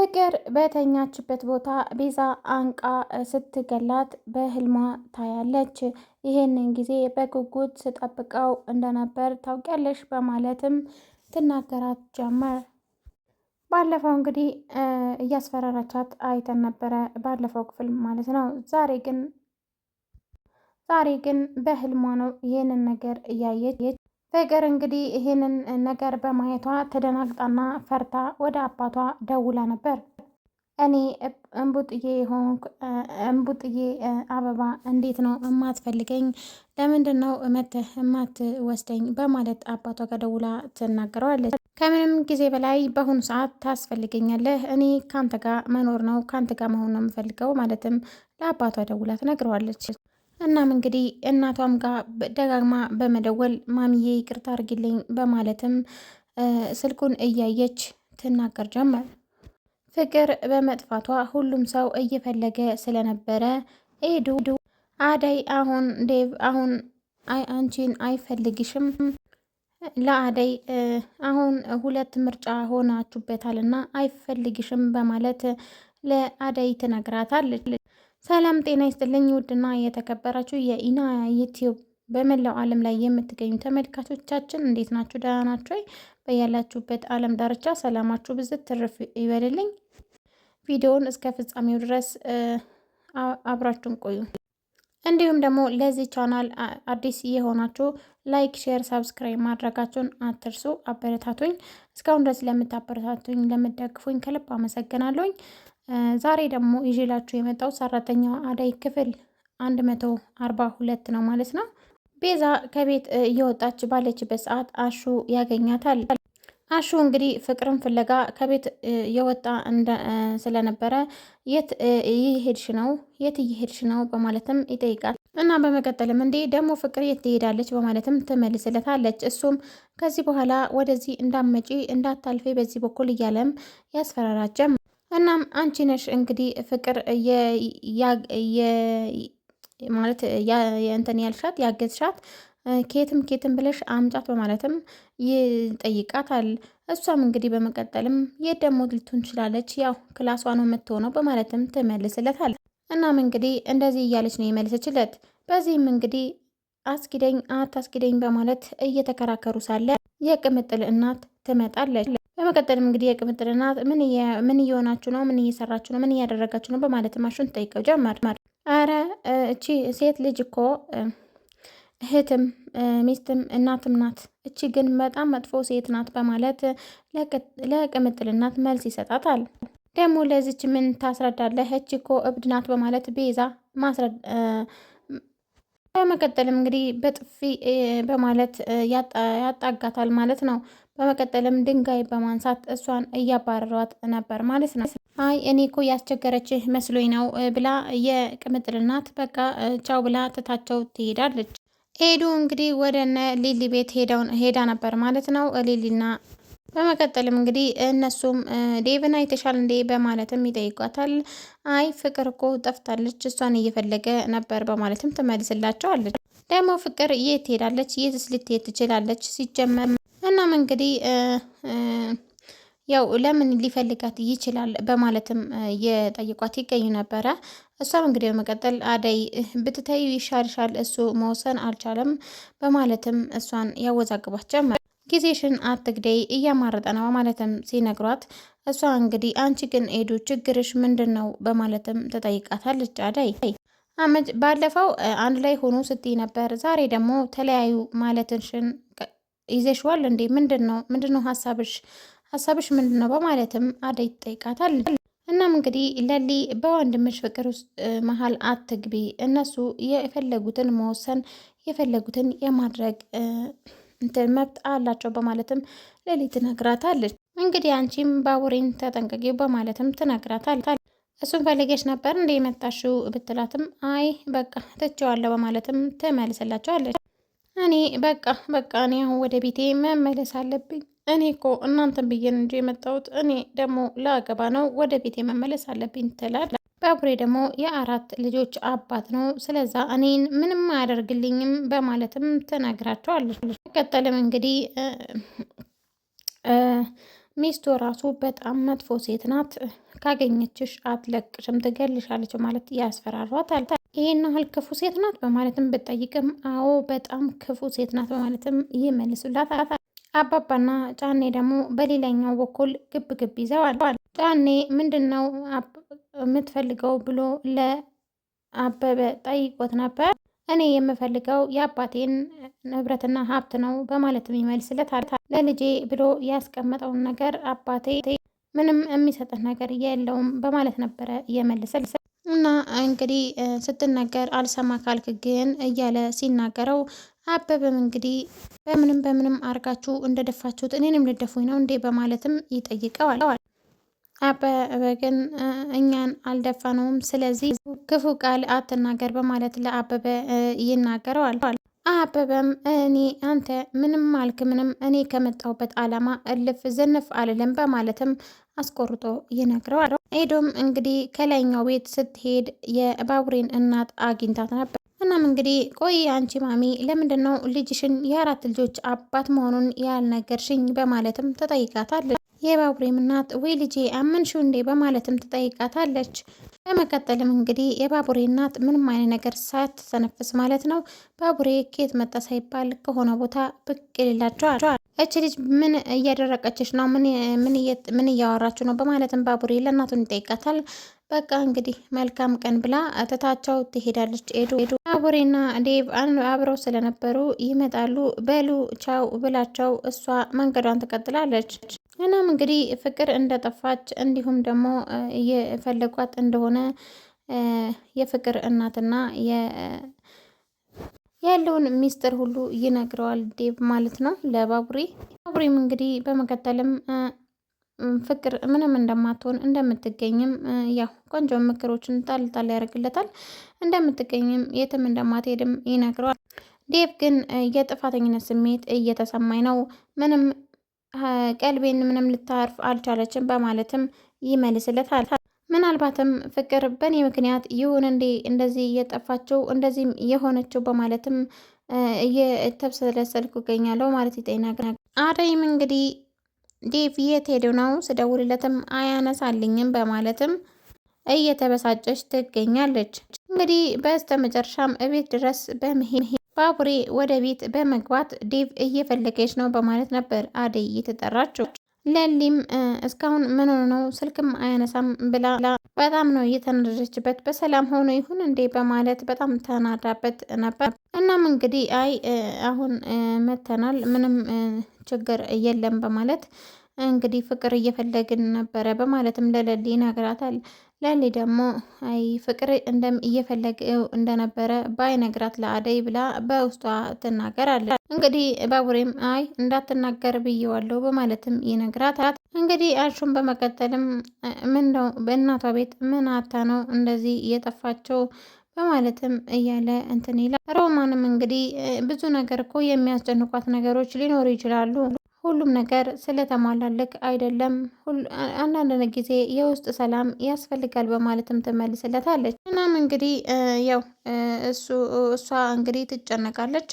ፍቅር በተኛችበት ቦታ ቤዛ አንቃ ስትገላት በህልሟ ታያለች። ይህንን ጊዜ በጉጉት ስጠብቀው እንደነበር ታውቂያለሽ በማለትም ትናገራት ጀመር። ባለፈው እንግዲህ እያስፈራራቻት አይተን ነበረ፣ ባለፈው ክፍል ማለት ነው። ዛሬ ግን ዛሬ ግን በህልሟ ነው ይህንን ነገር እያየች ፍቅር እንግዲህ ይህንን ነገር በማየቷ ተደናግጣና ፈርታ ወደ አባቷ ደውላ ነበር። እኔ እምቡጥዬ የሆንኩ እምቡጥዬ አበባ እንዴት ነው እማትፈልገኝ? ለምንድን ነው መተህ እማትወስደኝ? በማለት አባቷ ጋር ደውላ ትናገረዋለች። ከምንም ጊዜ በላይ በአሁኑ ሰዓት ታስፈልገኛለህ። እኔ ከአንተ ጋር መኖር ነው ከአንተ ጋር መሆን ነው የምፈልገው ማለትም ለአባቷ ደውላ ትነግረዋለች። እናም እንግዲህ እናቷም ጋር ደጋግማ በመደወል ማሚዬ ይቅርታ አርግልኝ በማለትም ስልኩን እያየች ትናገር ጀመር። ፍቅር በመጥፋቷ ሁሉም ሰው እየፈለገ ስለነበረ ኤዱ አደይ አሁን ዴቭ አሁን አንቺን አይፈልግሽም ለአደይ አሁን ሁለት ምርጫ ሆናችሁበታልና አይፈልግሽም በማለት ለአደይ ትነግራታለች። ሰላም ጤና ይስጥልኝ ውድና የተከበራችሁ የኢና ዩቲዩብ በመላው ዓለም ላይ የምትገኙ ተመልካቾቻችን እንዴት ናችሁ? ደህና ናችሁ ወይ? በያላችሁበት ዓለም ዳርቻ ሰላማችሁ ብዝት ትርፍ ይበልልኝ። ቪዲዮውን እስከ ፍጻሜው ድረስ አብራችሁን ቆዩ። እንዲሁም ደግሞ ለዚህ ቻናል አዲስ የሆናችሁ ላይክ፣ ሼር፣ ሳብስክራይብ ማድረጋችሁን አትርሱ። አበረታቱኝ። እስካሁን ድረስ ለምታበረታቱኝ፣ ለምደግፉኝ ከልብ አመሰግናለሁኝ። ዛሬ ደግሞ ይዤላችሁ የመጣው ሰራተኛው አዳይ ክፍል 142 ነው ማለት ነው። ቤዛ ከቤት እየወጣች ባለችበት ሰዓት አሹ ያገኛታል። አሹ እንግዲህ ፍቅርን ፍለጋ ከቤት የወጣ ስለነበረ የት እየሄድሽ ነው? የት እየሄድሽ ነው? በማለትም ይጠይቃል። እና በመቀጠልም እንዴ ደግሞ ፍቅር የት ትሄዳለች? በማለትም ትመልስለታለች። እሱም ከዚህ በኋላ ወደዚህ እንዳመጪ እንዳታልፌ በዚህ በኩል እያለም ያስፈራራጀም እናም አንቺ ነሽ እንግዲህ ፍቅር ማለት እንትን ያልሻት ያገዝሻት ኬትም ኬትም ብለሽ አምጫት በማለትም ይጠይቃታል። እሷም እንግዲህ በመቀጠልም የት ደግሞ ልትሆን ያው ክላሷ ነው የምትሆነው በማለትም ትመልስለታል። እናም እንግዲህ እንደዚህ እያለች ነው የመለሰችለት። በዚህም እንግዲህ አስኪደኝ አታስኪደኝ በማለት እየተከራከሩ ሳለ የቅምጥል እናት ትመጣለች። በመቀጠልም እንግዲህ የቅምጥል እናት ምን እየሆናችሁ ነው? ምን እየሰራችሁ ነው? ምን እያደረጋችሁ ነው? በማለት ማሹን ጠይቀው ጀመር። አረ እቺ ሴት ልጅ እኮ እህትም ሚስትም እናትም ናት። እቺ ግን በጣም መጥፎ ሴት ናት በማለት ለቅምጥል እናት መልስ ይሰጣታል። ደግሞ ለዚች ምን ታስረዳለህ? እቺ እኮ እብድ ናት በማለት ቤዛ ማስረዳ በመቀጠልም እንግዲህ በጥፊ በማለት ያጣጋታል ማለት ነው። በመቀጠልም ድንጋይ በማንሳት እሷን እያባረሯት ነበር ማለት ነው። አይ እኔ እኮ ያስቸገረችህ መስሎኝ ነው ብላ የቅምጥል እናት በቃ ቻው ብላ ትታቸው ትሄዳለች። ሄዱ እንግዲህ ወደ እነ ሊሊ ቤት ሄዳ ነበር ማለት ነው ሊሊና በመቀጠልም እንግዲህ እነሱም ዴቭን አይተሻል እንዴ በማለትም ይጠይቋታል። አይ ፍቅር እኮ ጠፍታለች እሷን እየፈለገ ነበር በማለትም ትመልስላቸዋለች። ደግሞ ፍቅር የት ሄዳለች? የትስ ልትሄድ ትችላለች? ሲጀመር እናም እንግዲህ ያው ለምን ሊፈልጋት ይችላል በማለትም የጠይቋት ይገኙ ነበረ። እሷም እንግዲህ በመቀጠል አደይ ብትተዩ ይሻልሻል፣ እሱ መወሰን አልቻለም በማለትም እሷን ያወዛግባት ጀመር። ጊዜሽን አትግደይ እያማረጠ ነው በማለትም ሲነግሯት፣ እሷ እንግዲህ አንቺ ግን ኤዱ ችግርሽ ምንድን ነው በማለትም ተጠይቃታለች አደይ ባለፈው አንድ ላይ ሆኖ ስትይ ነበር፣ ዛሬ ደግሞ ተለያዩ ማለትሽን ይዘሽዋል እንዴ? ምንድን ነው ምንድን ነው ሀሳብሽ ሀሳብሽ ምንድን ነው? በማለትም አደይ ይጠይቃታል። እናም እንግዲህ ለሊ በወንድምሽ ፍቅር ውስጥ መሀል አትግቢ፣ እነሱ የፈለጉትን መወሰን የፈለጉትን የማድረግ እንትን መብት አላቸው በማለትም ለሊ ትነግራታለች። እንግዲህ አንቺም ባቡሬን ተጠንቀቂ በማለትም ትነግራታለች። እሱን ፈልጌሽ ነበር እንደ የመጣሽው ብትላትም አይ በቃ ትቼዋለሁ በማለትም ትመልስላቸዋለች። እኔ በቃ በቃ እኔ አሁን ወደ ቤቴ መመለስ አለብኝ። እኔ እኮ እናንተን ብዬን እንጂ የመጣሁት እኔ ደግሞ ለአገባ ነው፣ ወደ ቤቴ መመለስ አለብኝ ትላል። በቡሬ ደግሞ የአራት ልጆች አባት ነው፣ ስለዛ እኔን ምንም አያደርግልኝም በማለትም ትነግራቸዋለች። በቀጠልም እንግዲህ ሚስቱ ራሱ በጣም መጥፎ ሴት ናት፣ ካገኘችሽ አትለቅሽም፣ ትገልሻለች ማለት ያስፈራሯታል። ይሄን ያህል ክፉ ሴት ናት በማለትም ብጠይቅም አዎ በጣም ክፉ ሴት ናት በማለትም ይመልሱላት። አባባና ጫኔ ደግሞ በሌላኛው በኩል ግብ ግብ ይዘዋል። ጫኔ ምንድን ነው የምትፈልገው ብሎ ለአበበ ጠይቆት ነበር። እኔ የምፈልገው የአባቴን ንብረትና ሀብት ነው በማለትም ይመልስለታል። ለልጄ ብሎ ያስቀመጠውን ነገር አባቴ ምንም የሚሰጥህ ነገር የለውም በማለት ነበረ የመልሰል እና እንግዲህ ስትናገር አልሰማ ካልክ ግን እያለ ሲናገረው አበበም እንግዲህ በምንም በምንም አርጋችሁ እንደደፋችሁት እኔንም ልደፉኝ ነው እንዴ በማለትም ይጠይቀዋል። አበበ ግን እኛን አልደፋነውም፣ ስለዚህ ክፉ ቃል አትናገር በማለት ለአበበ ይናገረዋል። አበበም እኔ አንተ ምንም አልክ ምንም እኔ ከመጣሁበት ዓላማ እልፍ ዝንፍ አልልም በማለትም አስቆርጦ ይነግረዋል። ኤዶም እንግዲህ ከላይኛው ቤት ስትሄድ የባቡሬን እናት አግኝታት ነበር። እናም እንግዲህ ቆይ አንቺ ማሚ ለምንድን ነው ልጅሽን የአራት ልጆች አባት መሆኑን ያልነገርሽኝ? በማለትም ተጠይቃታለች። የባቡሬም እናት ወይ ልጄ አመንሹ እንዴ በማለትም ትጠይቃታለች። በመቀጠልም እንግዲህ የባቡሬ እናት ምንም አይነት ነገር ሳትተነፍስ ማለት ነው ባቡሬ ኬት መጣ ሳይባል ከሆነ ቦታ ብቅ ይላቸዋል። እች ልጅ ምን እያደረቀችሽ ነው? ምን እያወራችሁ ነው? በማለትም ባቡሬ ለእናቱን ይጠይቃታል። በቃ እንግዲህ መልካም ቀን ብላ ትታቸው ትሄዳለች። ሄዱ ባቡሬና ዴቭ አብረው ስለነበሩ ይመጣሉ። በሉ ቻው ብላቸው እሷ መንገዷን ትቀጥላለች። እናም እንግዲህ ፍቅር እንደጠፋች እንዲሁም ደግሞ የፈለጓት እንደሆነ የፍቅር እናትና ያለውን ሚስጥር ሁሉ ይነግረዋል ዴቭ ማለት ነው ለባቡሬ። ባቡሬም እንግዲህ በመቀጠልም ፍቅር ምንም እንደማትሆን እንደምትገኝም ያው ቆንጆ ምክሮችን ጣል ጣል ያደርግለታል። እንደምትገኝም የትም እንደማትሄድም ይነግረዋል። ዴቭ ግን የጥፋተኝነት ስሜት እየተሰማኝ ነው፣ ምንም ቀልቤን ምንም ልታርፍ አልቻለችም በማለትም ይመልስለታል። ምናልባትም ፍቅር በእኔ ምክንያት ይሁን እንዴ እንደዚህ እየጠፋችው እንደዚህም የሆነችው በማለትም እየተብሰለሰልኩ እገኛለሁ ማለት ይጤና አደይም እንግዲህ ዴቭ የት ሄደው ነው ስደውልለትም አያነሳልኝም በማለትም እየተበሳጨች ትገኛለች። እንግዲህ በስተ መጨረሻም እቤት ድረስ በመሄድ ባቡሬ ወደ ቤት በመግባት ዴቭ እየፈለገች ነው በማለት ነበር አደይ የተጠራችው። ለሊም እስካሁን ምን ሆኖ ነው ስልክም አያነሳም ብላ በጣም ነው እየተናደደችበት። በሰላም ሆኖ ይሁን እንዴ በማለት በጣም ተናዳበት ነበር። እናም እንግዲህ አይ አሁን መተናል ምንም ችግር የለም በማለት እንግዲህ ፍቅር እየፈለግን ነበረ በማለትም ለለሊ ይነግራታል። ለሊ ደግሞ አይ ፍቅር እንደም እየፈለገው እንደነበረ ባይነግራት ለአደይ ብላ በውስጧ ትናገራለች። እንግዲህ ባቡሬም አይ እንዳትናገር ብየዋለሁ በማለትም ይነግራታል። እንግዲህ አሹም በመቀጠልም ምን ነው በእናቷ ቤት ምን አታ ነው እንደዚህ እየጠፋቸው በማለትም እያለ እንትን ይላል። ሮማንም እንግዲህ ብዙ ነገር እኮ የሚያስጨንቋት ነገሮች ሊኖሩ ይችላሉ ሁሉም ነገር ስለተሟላለክ አይደለም፣ አንዳንድ ጊዜ የውስጥ ሰላም ያስፈልጋል በማለትም ትመልስለታለች። እናም እንግዲህ ያው እሷ እንግዲህ ትጨነቃለች፣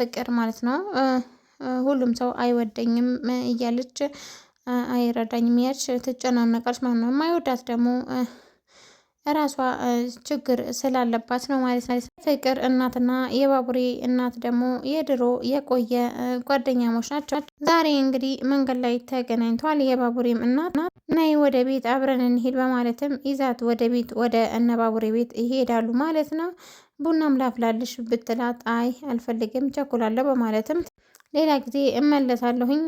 ፍቅር ማለት ነው። ሁሉም ሰው አይወደኝም እያለች አይረዳኝም እያለች ትጨናነቃለች ማለት ነው። የማይወዳት ደግሞ ራሷ ችግር ስላለባት ነው ማለት ነው። ፍቅር እናትና የባቡሬ እናት ደግሞ የድሮ የቆየ ጓደኛሞች ናቸው። ዛሬ እንግዲህ መንገድ ላይ ተገናኝተዋል። የባቡሬም እናት ናይ ወደ ቤት አብረን እንሄድ በማለትም ይዛት ወደ ቤት ወደ እነባቡሬ ቤት ይሄዳሉ ማለት ነው። ቡናም ላፍላልሽ ብትላት አይ አልፈልግም ቸኩላለሁ በማለትም ሌላ ጊዜ እመለሳለሁኝ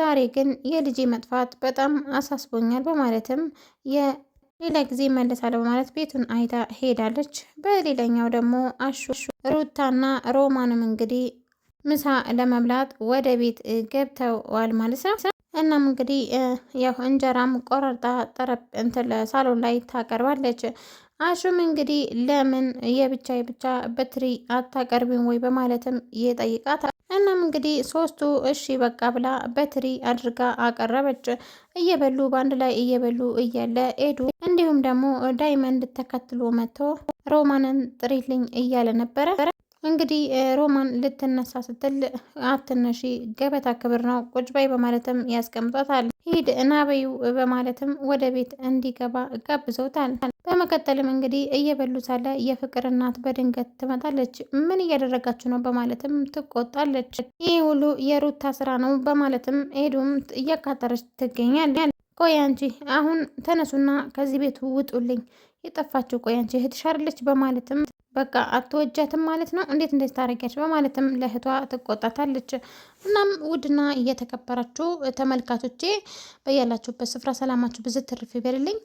ዛሬ ግን የልጄ መጥፋት በጣም አሳስቦኛል በማለትም ሌላ ጊዜ መለሳለሁ በማለት ቤቱን አይታ ሄዳለች። በሌላኛው ደግሞ አሹ ሩታና ሮማንም እንግዲህ ምሳ ለመብላት ወደ ቤት ገብተዋል ማለት ነው። እናም እንግዲህ ያው እንጀራም ቆረርጣ ጠረብ እንትን ሳሎን ላይ ታቀርባለች። አሹም እንግዲህ ለምን የብቻ የብቻ በትሪ አታቀርቢም ወይ በማለትም ይጠይቃታል። እናም እንግዲህ ሶስቱ እሺ በቃ ብላ በትሪ አድርጋ አቀረበች። እየበሉ በአንድ ላይ እየበሉ እያለ ኤዱ እንዲሁም ደግሞ ዳይመንድ ተከትሎ መጥቶ ሮማንን ጥሪልኝ እያለ ነበረ። እንግዲህ ሮማን ልትነሳ ስትል አትነሺ፣ ገበታ ክብር ነው ቁጭ በይ በማለትም ያስቀምጧታል። ሂድ እናበዩ በማለትም ወደ ቤት እንዲገባ ጋብዘውታል። በመቀጠልም እንግዲህ እየበሉ ሳለ የፍቅር እናት በድንገት ትመጣለች። ምን እያደረጋችሁ ነው በማለትም ትቆጣለች። ይህ ሁሉ የሩታ ስራ ነው በማለትም ሄዱም እያቃጠረች ትገኛል። ቆይ አንቺ አሁን ተነሱና ከዚህ ቤቱ ውጡልኝ፣ የጠፋችሁ ቆይ አንቺ እህትሽ አይደለች በማለትም በቃ አትወጃትም ማለት ነው። እንዴት እንደዚህ ታደርጊያለሽ? በማለትም ለእህቷ ትቆጣታለች። እናም ውድና እየተከበራችሁ ተመልካቾቼ በያላችሁበት ስፍራ ሰላማችሁ ብዝት ትርፍ ይበልልኝ።